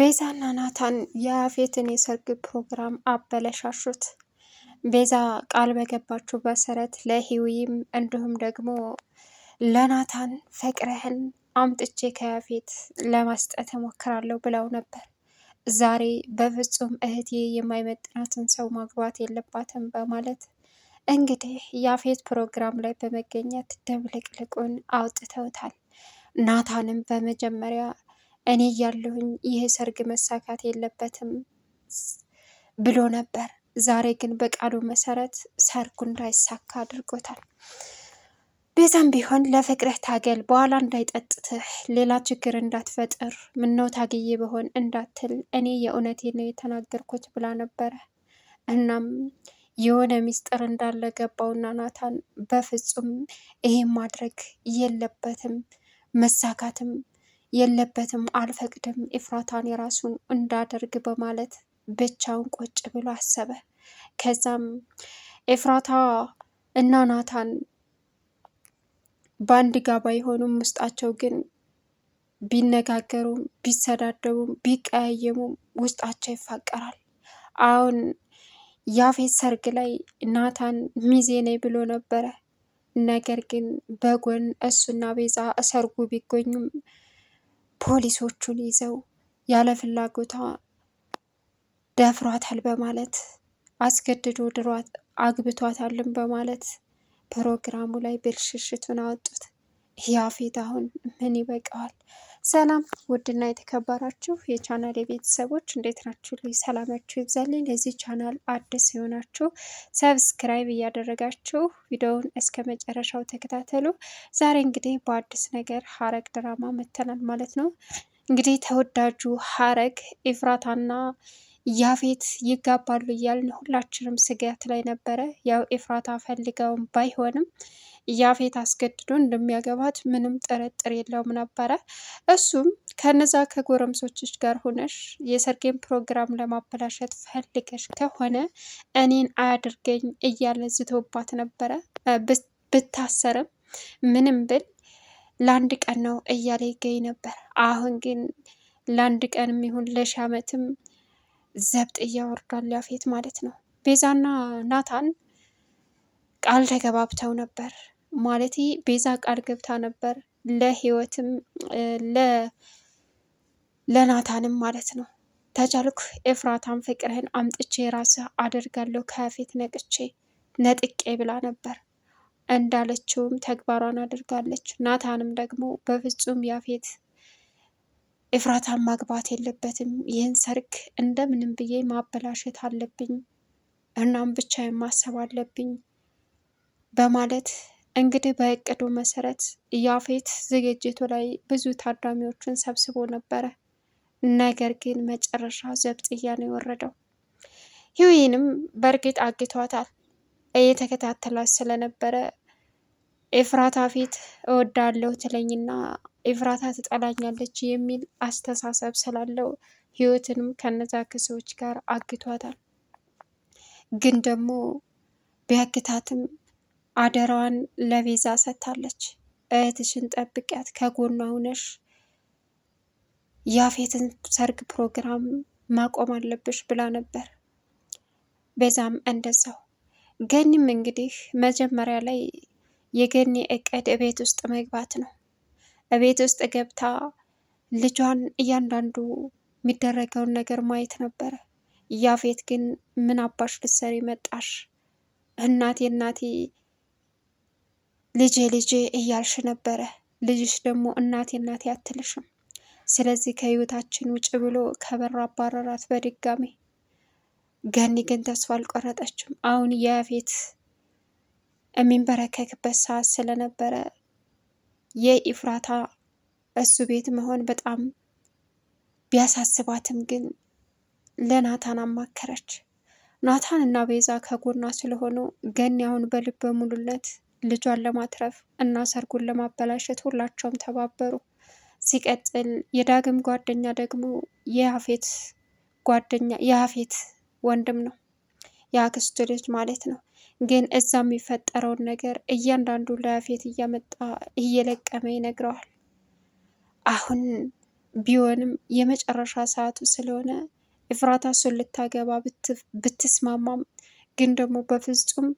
ቤዛና ናታን የያፌትን የሰርግ ፕሮግራም አበለሻሹት። ቤዛ ቃል በገባችው መሰረት ለሂዊም እንዲሁም ደግሞ ለናታን ፍቅርህን አምጥቼ ከያፌት ለማስጠት እሞክራለሁ ብለው ነበር። ዛሬ በፍጹም እህቴ የማይመጥናትን ሰው ማግባት የለባትም በማለት እንግዲህ ያፌት ፕሮግራም ላይ በመገኘት ድብልቅልቁን አውጥተውታል። ናታንም በመጀመሪያ እኔ እያለሁኝ ይህ ሰርግ መሳካት የለበትም ብሎ ነበር። ዛሬ ግን በቃሉ መሰረት ሰርጉ እንዳይሳካ አድርጎታል። ቤዛም ቢሆን ለፍቅርህ ታገል፣ በኋላ እንዳይጠጥትህ፣ ሌላ ችግር እንዳትፈጥር፣ ምነው ታግዬ በሆን እንዳትል፣ እኔ የእውነቴ ነው የተናገርኩት ብላ ነበረ። እናም የሆነ ሚስጥር እንዳለ ገባውና ናታን በፍጹም ይሄን ማድረግ የለበትም መሳካትም የለበትም አልፈቅድም ኤፍራታን የራሱን እንዳደርግ በማለት ብቻውን ቁጭ ብሎ አሰበ። ከዛም ኤፍራታ እና ናታን በአንድ ጋ ባይሆኑም ውስጣቸው ግን ቢነጋገሩም ቢሰዳደቡም ቢቀያየሙም ውስጣቸው ይፋቀራል። አሁን ያፌት ሰርግ ላይ ናታን ሚዜ ነኝ ብሎ ነበረ። ነገር ግን በጎን እሱና ቤዛ ሰርጉ ቢገኙም ፖሊሶቹን ይዘው ያለ ፍላጎቷ ደፍሯታል በማለት አስገድዶ ድሯት አግብቷታልም በማለት ፕሮግራሙ ላይ ብልሽሽቱን አወጡት። ያፌት አሁን ምን ይበቃዋል? ሰላም ውድና የተከበራችሁ የቻናል የቤተሰቦች እንዴት ናችሁ? ልዩ ሰላማችሁ ይብዛልኝ። ለዚህ ቻናል አዲስ የሆናችሁ ሰብስክራይብ እያደረጋችሁ ቪዲዮውን እስከ መጨረሻው ተከታተሉ። ዛሬ እንግዲህ በአዲስ ነገር ሐረግ ድራማ መተናል ማለት ነው። እንግዲህ ተወዳጁ ሐረግ ኢፍራታና ያፌት ይጋባሉ እያልን ሁላችንም ስጋት ላይ ነበረ። ያው ኤፍራታ ፈልገውም ባይሆንም ያፌት አስገድዶ እንደሚያገባት ምንም ጥርጥር የለውም ነበረ። እሱም ከነዛ ከጎረምሶችሽ ጋር ሆነሽ የሰርጌን ፕሮግራም ለማበላሸት ፈልገሽ ከሆነ እኔን አያድርገኝ እያለ ዝቶባት ነበረ። ብታሰርም ምንም ብል ለአንድ ቀን ነው እያለ ይገኝ ነበር። አሁን ግን ለአንድ ቀንም ይሁን ለሺ ዓመትም ዘብጥ እያወርዷል ያፌት ማለት ነው። ቤዛና ናታን ቃል ተገባብተው ነበር ማለት ቤዛ ቃል ገብታ ነበር ለህይወትም ለናታንም ማለት ነው። ተቻልኩ ኤፍራታን ፍቅርህን አምጥቼ ራስህ አደርጋለሁ ከያፌት ነቅቼ ነጥቄ ብላ ነበር እንዳለችውም ተግባሯን አድርጋለች። ናታንም ደግሞ በፍጹም ያፌት ኤፍራታን ማግባት የለበትም። ይህን ሰርግ እንደምንም ብዬ ማበላሸት አለብኝ። እናም ብቻ የማሰብ አለብኝ በማለት እንግዲህ በእቅዱ መሰረት ያፌት ዝግጅቱ ላይ ብዙ ታዳሚዎችን ሰብስቦ ነበረ። ነገር ግን መጨረሻ ዘብጥያ ነው የወረደው። ሂዊንም በእርግጥ አግቷታል። እየተከታተላት ስለነበረ ኤፍራታ ፊት እወዳለሁ ትለኝና ኤፍራታ ትጠላኛለች የሚል አስተሳሰብ ስላለው ህይወትንም ከነዛ ክሰዎች ጋር አግቷታል። ግን ደግሞ ቢያግታትም አደራዋን ለቤዛ ሰጥታለች። እህትሽን ጠብቂያት፣ ከጎኗ ሁነሽ ያፌትን ሰርግ ፕሮግራም ማቆም አለብሽ ብላ ነበር። ቤዛም እንደዛው። ገኒም እንግዲህ መጀመሪያ ላይ የገኒ እቅድ ቤት ውስጥ መግባት ነው። ቤት ውስጥ ገብታ ልጇን እያንዳንዱ የሚደረገውን ነገር ማየት ነበረ። ያፌት ግን ምን አባሽ ልትሰሪ መጣሽ? እናቴ እናቴ ልጄ ልጄ እያልሽ ነበረ። ልጅሽ ደግሞ እናቴ እናቴ አትልሽም። ስለዚህ ከህይወታችን ውጭ ብሎ ከበር አባረራት በድጋሚ። ገኒ ግን ተስፋ አልቆረጠችም። አሁን ያፌት የሚንበረከክበት ሰዓት ስለነበረ የኢፍራታ እሱ ቤት መሆን በጣም ቢያሳስባትም ግን ለናታን አማከረች። ናታን እና ቤዛ ከጎኗ ስለሆኑ ገኒ አሁን በልበ ሙሉነት ልጇን ለማትረፍ እና ሰርጉን ለማበላሸት ሁላቸውም ተባበሩ። ሲቀጥል የዳግም ጓደኛ ደግሞ የሀፌት ጓደኛ የሀፌት ወንድም ነው፣ የአክስቱ ልጅ ማለት ነው። ግን እዛ የሚፈጠረውን ነገር እያንዳንዱ ለያፌት እያመጣ እየለቀመ ይነግረዋል። አሁን ቢሆንም የመጨረሻ ሰዓቱ ስለሆነ እፍራታ እሱን ልታገባ ብትስማማም ግን ደግሞ በፍጹም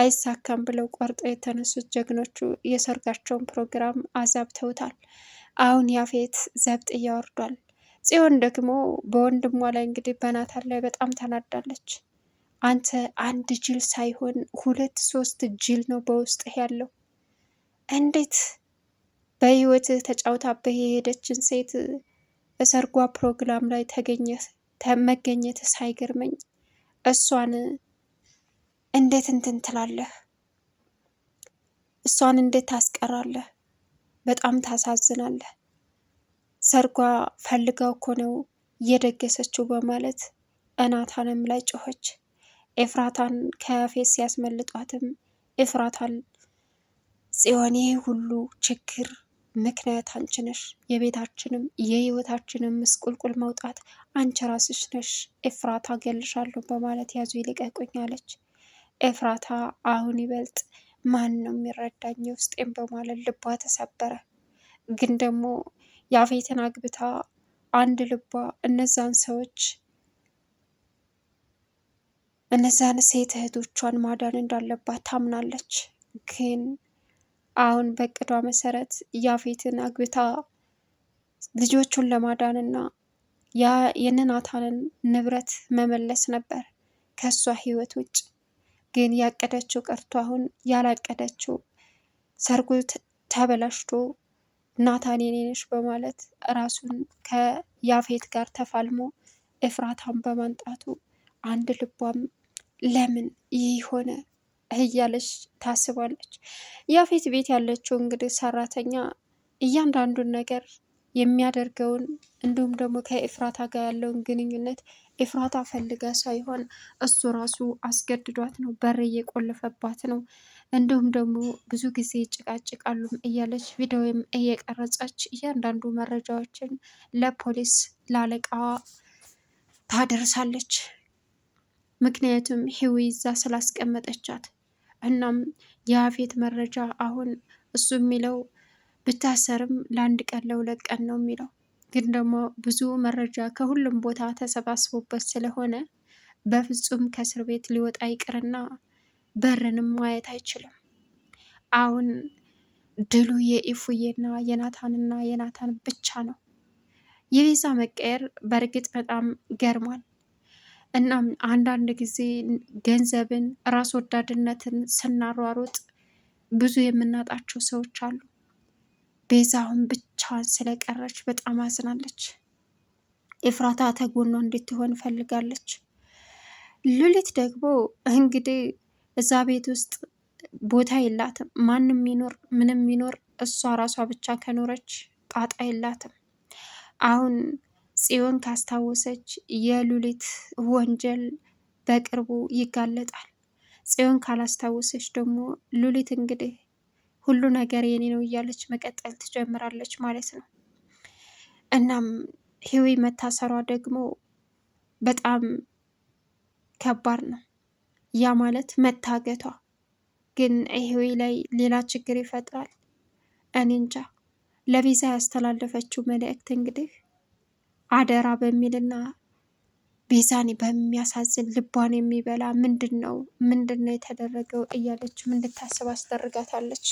አይሳካም ብለው ቆርጠው የተነሱት ጀግኖቹ የሰርጋቸውን ፕሮግራም አዛብተውታል። አሁን ያፌት ዘብጥ እያወርዷል። ጽዮን ደግሞ በወንድሟ ላይ እንግዲህ በናታን ላይ በጣም ተናዳለች። አንተ አንድ ጅል ሳይሆን ሁለት ሶስት ጅል ነው በውስጥህ ያለው። እንዴት በህይወትህ ተጫውታበህ የሄደችን ሴት በሰርጓ ፕሮግራም ላይ መገኘት ሳይገርመኝ እሷን እንዴት እንትን ትላለህ? እሷን እንዴት ታስቀራለህ? በጣም ታሳዝናለህ። ሰርጓ ፈልጋው እኮ ነው እየደገሰችው በማለት እናታንም ላይ ጮኸች። ኤፍራታን ከፌት ሲያስመልጧትም ኤፍራታን ጽዮን ይህ ሁሉ ችግር ምክንያት አንቺ ነሽ፣ የቤታችንም የህይወታችንም ምስቁልቁል መውጣት አንቺ ራስሽ ነሽ፣ ኤፍራታ ገልሻለሁ በማለት ያዙ ይልቀቁኝ አለች። ኤፍራታ አሁን ይበልጥ ማን ነው የሚረዳኝ ውስጤም በማለት ልቧ ተሰበረ። ግን ደግሞ ያፌትን አግብታ አንድ ልቧ እነዛን ሰዎች እነዚያን ሴት እህቶቿን ማዳን እንዳለባት ታምናለች። ግን አሁን በእቅዷ መሰረት ያፌትን አግብታ ልጆቹን ለማዳንና ያ የነናታንን ንብረት መመለስ ነበር ከእሷ ህይወት ውጭ። ግን ያቀደችው ቀርቶ አሁን ያላቀደችው ሰርጉ ተበላሽቶ ናታን የኔ ነሽ በማለት ራሱን ከያፌት ጋር ተፋልሞ እፍራታን በማንጣቱ አንድ ልቧም ለምን ይህ ሆነ እያለች ታስባለች። ያፌት ቤት ያለችው እንግዲህ ሰራተኛ እያንዳንዱን ነገር የሚያደርገውን እንዲሁም ደግሞ ከኤፍራታ ጋር ያለውን ግንኙነት ኤፍራታ ፈልጋ ሳይሆን እሱ ራሱ አስገድዷት ነው፣ በር እየቆለፈባት ነው። እንዲሁም ደግሞ ብዙ ጊዜ ጭቃጭቃሉም እያለች ቪዲዮም እየቀረጸች እያንዳንዱ መረጃዎችን ለፖሊስ ላለቃዋ ታደርሳለች። ምክንያቱም ሂዊ ይዛ ስላስቀመጠቻት። እናም የአፌት መረጃ አሁን እሱ የሚለው ብታሰርም ለአንድ ቀን ለሁለት ቀን ነው የሚለው ግን ደግሞ ብዙ መረጃ ከሁሉም ቦታ ተሰባስቦበት ስለሆነ በፍጹም ከእስር ቤት ሊወጣ ይቅርና በርንም ማየት አይችልም። አሁን ድሉ የኢፉዬና የናታንና የናታን ብቻ ነው። የቤዛ መቀየር በእርግጥ በጣም ገርሟል። እናም አንዳንድ ጊዜ ገንዘብን፣ ራስ ወዳድነትን ስናሯሮጥ ብዙ የምናጣቸው ሰዎች አሉ። ቤዛ አሁን ብቻዋን ስለቀረች በጣም አዝናለች። ኤፍራታ ተጎኗ እንድትሆን ፈልጋለች። ሉሊት ደግሞ እንግዲህ እዛ ቤት ውስጥ ቦታ የላትም። ማንም ሚኖር ምንም ሚኖር እሷ ራሷ ብቻ ከኖረች ጣጣ የላትም። አሁን ጽዮን ካስታወሰች የሉሊት ወንጀል በቅርቡ ይጋለጣል። ጽዮን ካላስታወሰች ደግሞ ሉሊት እንግዲህ ሁሉ ነገር የኔ ነው እያለች መቀጠል ትጀምራለች ማለት ነው። እናም ህዊ መታሰሯ ደግሞ በጣም ከባድ ነው። ያ ማለት መታገቷ ግን ህዊ ላይ ሌላ ችግር ይፈጥራል። እኔ እንጃ ያስተላለፈችው መልእክት እንግዲህ አደራ በሚልና ቤዛን በሚያሳዝን ልቧን የሚበላ ምንድን ነው ምንድን ነው የተደረገው እያለች እንድታስብ አስደርጋታለች።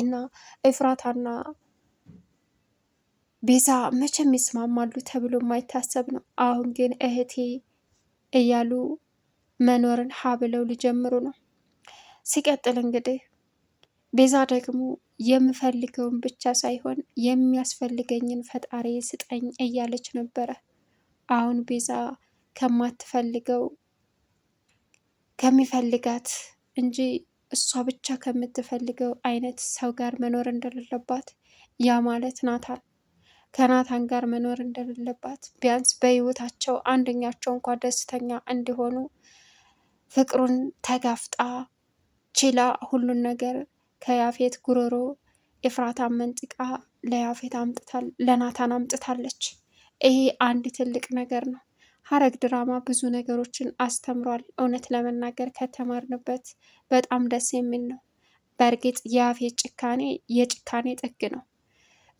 እና ኤፍራታና ቤዛ መቼም ይስማማሉ ተብሎ የማይታሰብ ነው። አሁን ግን እህቴ እያሉ መኖርን ሀብለው ሊጀምሩ ነው። ሲቀጥል እንግዲህ ቤዛ ደግሞ የምፈልገውን ብቻ ሳይሆን የሚያስፈልገኝን ፈጣሪ ስጠኝ እያለች ነበረ። አሁን ቤዛ ከማትፈልገው ከሚፈልጋት እንጂ እሷ ብቻ ከምትፈልገው አይነት ሰው ጋር መኖር እንደሌለባት፣ ያ ማለት ናታን ከናታን ጋር መኖር እንደሌለባት፣ ቢያንስ በህይወታቸው አንደኛቸው እንኳ ደስተኛ እንዲሆኑ ፍቅሩን ተጋፍጣ ችላ ሁሉን ነገር ከያፌት ጉሮሮ ኤፍራታ መንጥቃ ለያፌት አምጥታል ለናታን አምጥታለች። ይሄ አንድ ትልቅ ነገር ነው። ሐረግ ድራማ ብዙ ነገሮችን አስተምሯል። እውነት ለመናገር ከተማርንበት በጣም ደስ የሚል ነው። በእርግጥ የያፌት ጭካኔ የጭካኔ ጥግ ነው።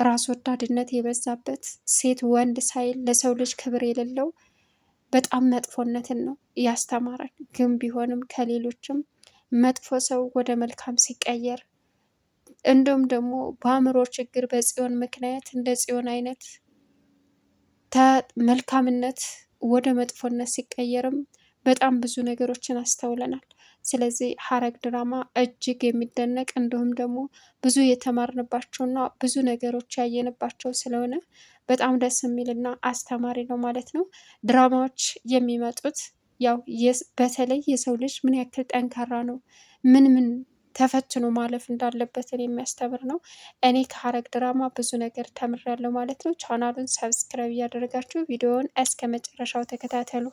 ራስ ወዳድነት የበዛበት ሴት ወንድ ሳይል ለሰው ልጅ ክብር የሌለው በጣም መጥፎነትን ነው ያስተማረን። ግን ቢሆንም ከሌሎችም መጥፎ ሰው ወደ መልካም ሲቀየር እንዲሁም ደግሞ በአእምሮ ችግር በጽዮን ምክንያት እንደ ጽዮን አይነት መልካምነት ወደ መጥፎነት ሲቀየርም በጣም ብዙ ነገሮችን አስተውለናል። ስለዚህ ሐረግ ድራማ እጅግ የሚደነቅ እንዲሁም ደግሞ ብዙ የተማርንባቸውና ብዙ ነገሮች ያየንባቸው ስለሆነ በጣም ደስ የሚልና አስተማሪ ነው ማለት ነው። ድራማዎች የሚመጡት ያው በተለይ የሰው ልጅ ምን ያክል ጠንካራ ነው ምን ምን ተፈትኖ ማለፍ እንዳለበትን የሚያስተምር ነው። እኔ ከሐረግ ድራማ ብዙ ነገር ተምሬያለሁ ማለት ነው። ቻናሉን ሰብስክራይብ እያደረጋችሁ ቪዲዮውን እስከ መጨረሻው ተከታተሉ።